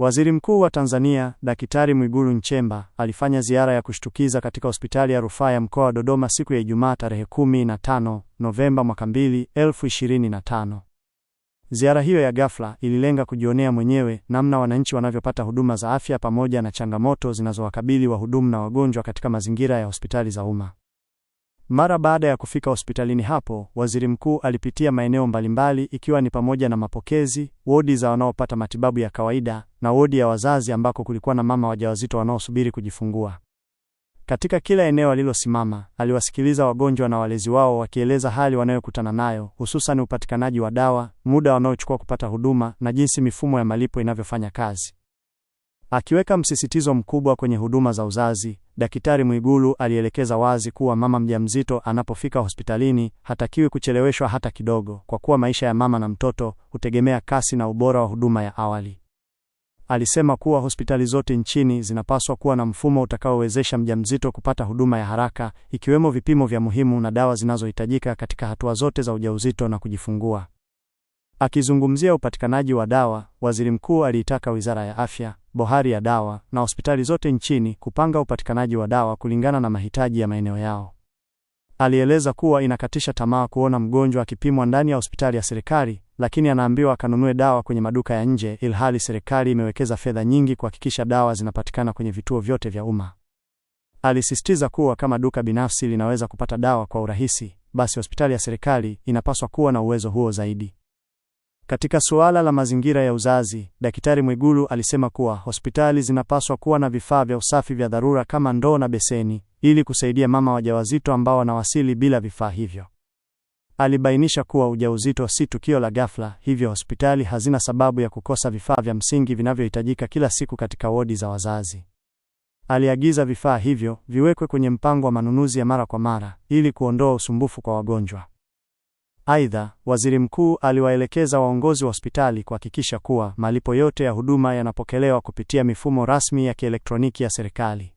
Waziri Mkuu wa Tanzania, Daktari Mwigulu Nchemba, alifanya ziara ya kushtukiza katika Hospitali ya Rufaa ya Mkoa wa Dodoma siku ya Ijumaa tarehe 15 Novemba mwaka 2025. Ziara hiyo ya ghafla ililenga kujionea mwenyewe namna wananchi wanavyopata huduma za afya pamoja na changamoto zinazowakabili wahudumu na wagonjwa katika mazingira ya hospitali za umma. Mara baada ya kufika hospitalini hapo, waziri mkuu alipitia maeneo mbalimbali ikiwa ni pamoja na mapokezi, wodi za wanaopata matibabu ya kawaida na wodi ya wazazi ambako kulikuwa na mama wajawazito wanaosubiri kujifungua. Katika kila eneo alilosimama, aliwasikiliza wagonjwa na walezi wao wakieleza hali wanayokutana nayo, hususan upatikanaji wa dawa, muda wanaochukua kupata huduma na jinsi mifumo ya malipo inavyofanya kazi. Akiweka msisitizo mkubwa kwenye huduma za uzazi, Daktari Mwigulu alielekeza wazi kuwa mama mjamzito anapofika hospitalini hatakiwi kucheleweshwa hata kidogo, kwa kuwa maisha ya mama na mtoto hutegemea kasi na ubora wa huduma ya awali. Alisema kuwa hospitali zote nchini zinapaswa kuwa na mfumo utakaowezesha mjamzito kupata huduma ya haraka, ikiwemo vipimo vya muhimu na dawa zinazohitajika katika hatua zote za ujauzito na kujifungua. Akizungumzia upatikanaji wa dawa, Waziri Mkuu aliitaka Wizara ya Afya bohari ya dawa na hospitali zote nchini kupanga upatikanaji wa dawa kulingana na mahitaji ya maeneo yao. Alieleza kuwa inakatisha tamaa kuona mgonjwa akipimwa ndani ya hospitali ya serikali, lakini anaambiwa akanunue dawa kwenye maduka ya nje, ilhali serikali imewekeza fedha nyingi kuhakikisha dawa zinapatikana kwenye vituo vyote vya umma. Alisisitiza kuwa kama duka binafsi linaweza kupata dawa kwa urahisi, basi hospitali ya serikali inapaswa kuwa na uwezo huo zaidi. Katika suala la mazingira ya uzazi, Daktari Mwigulu alisema kuwa hospitali zinapaswa kuwa na vifaa vya usafi vya dharura kama ndoo na beseni ili kusaidia mama wajawazito ambao wanawasili bila vifaa hivyo. Alibainisha kuwa ujauzito si tukio la ghafla, hivyo hospitali hazina sababu ya kukosa vifaa vya msingi vinavyohitajika kila siku katika wodi za wazazi. Aliagiza vifaa hivyo viwekwe kwenye mpango wa manunuzi ya mara kwa mara ili kuondoa usumbufu kwa wagonjwa. Aidha, waziri mkuu aliwaelekeza waongozi wa hospitali kuhakikisha kuwa malipo yote ya huduma yanapokelewa kupitia mifumo rasmi ya kielektroniki ya serikali.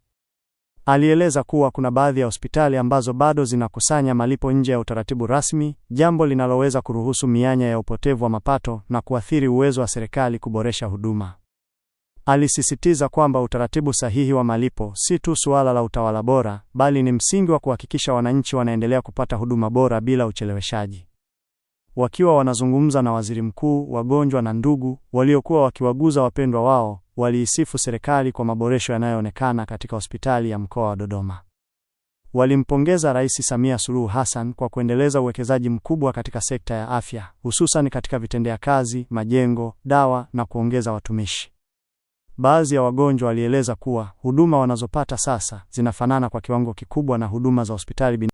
Alieleza kuwa kuna baadhi ya hospitali ambazo bado zinakusanya malipo nje ya utaratibu rasmi, jambo linaloweza kuruhusu mianya ya upotevu wa mapato na kuathiri uwezo wa serikali kuboresha huduma. Alisisitiza kwamba utaratibu sahihi wa malipo si tu suala la utawala bora, bali ni msingi wa kuhakikisha wananchi wanaendelea kupata huduma bora bila ucheleweshaji. Wakiwa wanazungumza na waziri mkuu, wagonjwa na ndugu waliokuwa wakiwaguza wapendwa wao waliisifu serikali kwa maboresho yanayoonekana katika hospitali ya mkoa wa Dodoma. Walimpongeza Rais Samia Suluhu Hassan kwa kuendeleza uwekezaji mkubwa katika sekta ya afya, hususan katika vitendea kazi, majengo, dawa na kuongeza watumishi. Baadhi ya wagonjwa walieleza kuwa huduma wanazopata sasa zinafanana kwa kiwango kikubwa na huduma za hospitali